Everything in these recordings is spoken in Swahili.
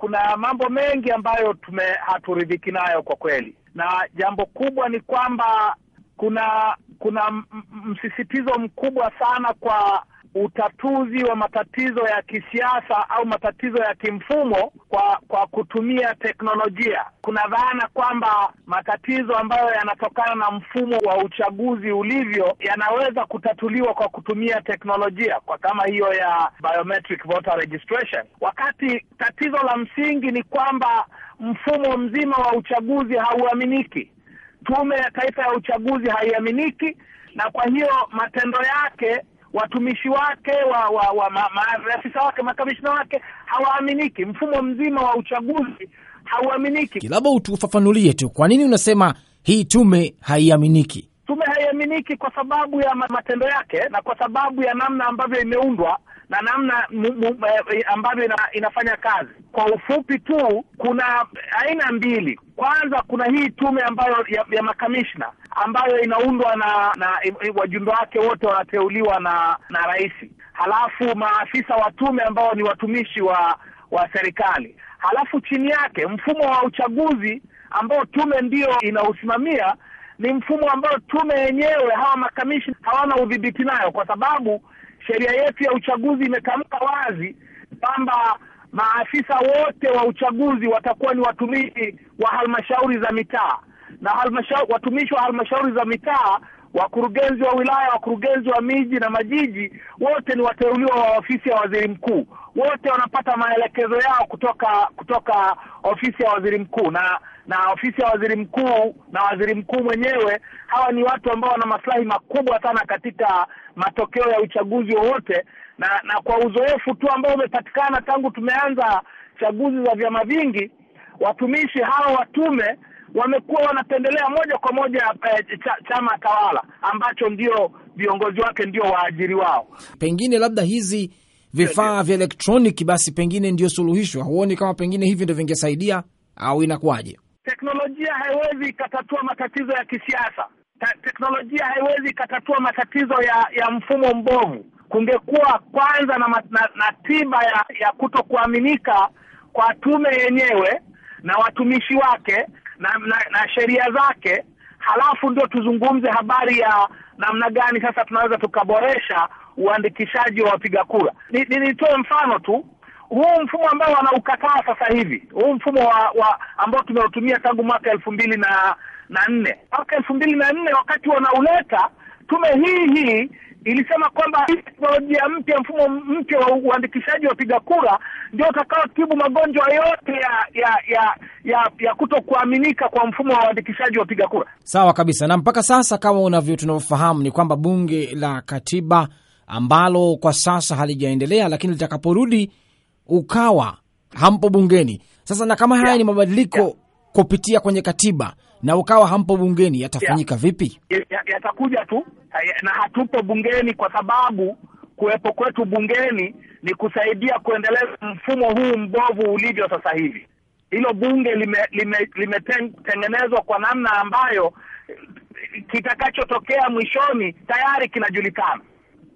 kuna mambo mengi ambayo tume haturidhiki nayo kwa kweli, na jambo kubwa ni kwamba kuna kuna msisitizo mkubwa sana kwa utatuzi wa matatizo ya kisiasa au matatizo ya kimfumo kwa kwa kutumia teknolojia. Kuna dhana kwamba matatizo ambayo yanatokana na mfumo wa uchaguzi ulivyo yanaweza kutatuliwa kwa kutumia teknolojia, kwa kama hiyo ya biometric voter registration, wakati tatizo la msingi ni kwamba mfumo mzima wa uchaguzi hauaminiki. Tume ya Taifa ya Uchaguzi haiaminiki, na kwa hiyo matendo yake watumishi wake wa, wa, wa maafisa ma, wake makamishina wake hawaaminiki. Mfumo mzima wa uchaguzi hauaminiki. Kilabo, utufafanulie tu, kwa nini unasema hii tume haiaminiki? tume haiaminiki kwa sababu ya matendo yake na kwa sababu ya namna ambavyo imeundwa na namna eh, eh, ambavyo ina, inafanya kazi. Kwa ufupi tu, kuna aina mbili. Kwanza, kuna hii tume ambayo ya, ya makamishna ambayo inaundwa na, na wajumbe wake wote wanateuliwa na na rais, halafu maafisa wa tume ambao ni watumishi wa wa serikali, halafu chini yake mfumo wa uchaguzi ambao tume ndiyo inausimamia ni mfumo ambao tume yenyewe hawa makamishi hawana udhibiti nayo, kwa sababu sheria yetu ya uchaguzi imetamka wazi kwamba maafisa wote wa uchaguzi watakuwa ni watumishi wa halmashauri za mitaa na halmashauri, watumishi wa halmashauri za mitaa, wakurugenzi wa wilaya, wakurugenzi wa miji na majiji, wote ni wateuliwa wa ofisi ya waziri mkuu. Wote wanapata maelekezo yao kutoka kutoka ofisi ya waziri mkuu na na ofisi ya waziri mkuu na waziri mkuu mwenyewe. Hawa ni watu ambao wana maslahi makubwa sana katika matokeo ya uchaguzi wowote, na na kwa uzoefu tu ambao umepatikana tangu tumeanza chaguzi za vyama vingi, watumishi hawa watume wamekuwa wanapendelea moja kwa moja e, eh, cha, chama tawala ambacho ndio viongozi wake ndio waajiri wao. Pengine labda hizi vifaa vya elektroniki basi pengine ndio suluhisho. Huoni kama pengine hivi ndio vingesaidia au inakuwaje? teknolojia haiwezi ikatatua matatizo ya kisiasa. Ta teknolojia haiwezi ikatatua matatizo ya, ya mfumo mbovu. Kungekuwa kwanza na, na, na tiba ya, ya kutokuaminika kwa tume yenyewe na watumishi wake na, na, na sheria zake, halafu ndio tuzungumze habari ya namna gani sasa tunaweza tukaboresha uandikishaji wa wapiga kura. Nitoe ni mfano tu huu mfumo ambao wanaukataa sasa hivi, huu mfumo wa, wa ambao tumeutumia tangu mwaka elfu mbili na na nne mwaka elfu mbili na nne wakati wanauleta tume hii hii ilisema kwamba teknolojia mpya, mfumo mpya wa uandikishaji wapiga kura ndio utakaotibu magonjwa yote ya ya ya ya, ya kutokuaminika kwa mfumo wa uandikishaji wa wapiga kura. Sawa kabisa. Na mpaka sasa kama unavyo tunavyofahamu ni kwamba bunge la katiba ambalo kwa sasa halijaendelea, lakini litakaporudi ukawa hampo bungeni sasa, na kama haya ni mabadiliko kupitia kwenye katiba na ukawa hampo bungeni, yatafanyika vipi? Yatakuja tu na hatupo bungeni, kwa sababu kuwepo kwetu bungeni ni kusaidia kuendeleza mfumo huu mbovu ulivyo sasa hivi. Hilo bunge limetengenezwa lime kwa namna ambayo kitakachotokea mwishoni tayari kinajulikana,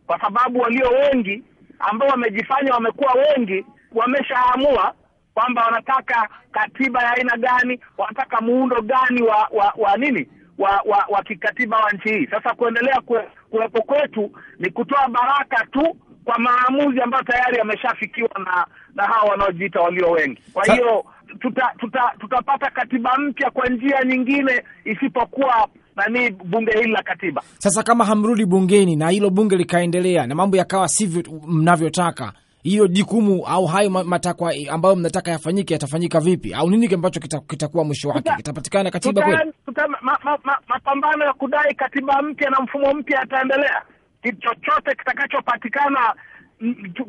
kwa sababu walio wengi ambao wamejifanya wamekuwa wengi wameshaamua kwamba wanataka katiba ya aina gani, wanataka muundo gani wa wa, wa nini wa, wa, wa kikatiba wa nchi hii. Sasa kuendelea kuwepo kwetu ni kutoa baraka tu kwa maamuzi ambayo tayari yameshafikiwa na na hawa wanaojiita walio wengi. Kwa hiyo tuta, tuta, tutapata katiba mpya kwa njia nyingine isipokuwa nani bunge hili la katiba. Sasa kama hamrudi bungeni na hilo bunge likaendelea na mambo yakawa sivyo mnavyotaka hiyo jukumu au hayo matakwa ambayo mnataka yafanyike yatafanyika vipi, au nini ambacho kitakuwa mwisho wake kitapatikana katiba kweli? Mapambano ya kudai katiba mpya na mfumo mpya yataendelea. Chochote kitakachopatikana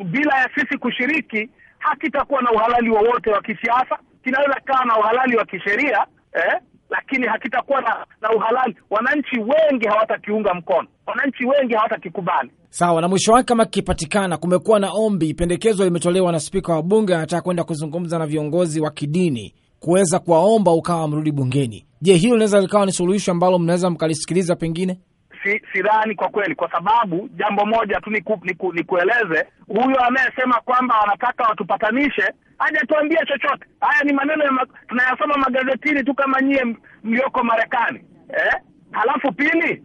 bila ya sisi kushiriki hakitakuwa na uhalali wowote wa, wa kisiasa. Kinaweza kikawa na uhalali wa kisheria eh? lakini hakitakuwa na, na uhalali. Wananchi wengi hawatakiunga mkono, wananchi wengi hawatakikubali. Sawa. Na mwisho wake, kama kikipatikana, kumekuwa na ombi, pendekezo limetolewa na spika wa bunge, anataka kwenda kuzungumza na viongozi wa kidini kuweza kuwaomba ukawa mrudi bungeni. Je, hilo linaweza likawa ni suluhisho ambalo mnaweza mkalisikiliza? Pengine si, sidhani kwa kweli, kwa sababu jambo moja tu niku, niku, nikueleze, huyo anayesema kwamba anataka watupatanishe hajatuambia chochote. Haya ni maneno ma, tunayasoma magazetini tu kama nyie mlioko Marekani eh? Halafu pili,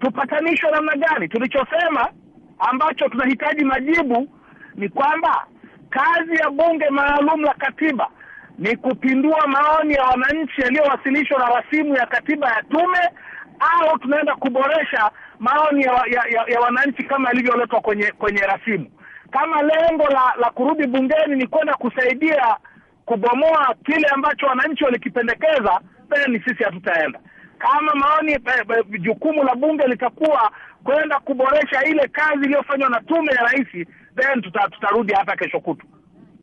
tupatanishwe namna gani? Tulichosema ambacho tunahitaji majibu ni kwamba kazi ya bunge maalum la katiba ni kupindua maoni ya wananchi yaliyowasilishwa na rasimu ya katiba ya tume, au tunaenda kuboresha maoni ya, ya, ya, ya wananchi kama yalivyoletwa kwenye kwenye rasimu kama lengo la, la kurudi bungeni ni kwenda kusaidia kubomoa kile ambacho wananchi walikipendekeza, then sisi hatutaenda. Kama maoni jukumu la bunge litakuwa kwenda kuboresha ile kazi iliyofanywa na tume ya rais, then tuta, tutarudi hata kesho kutu.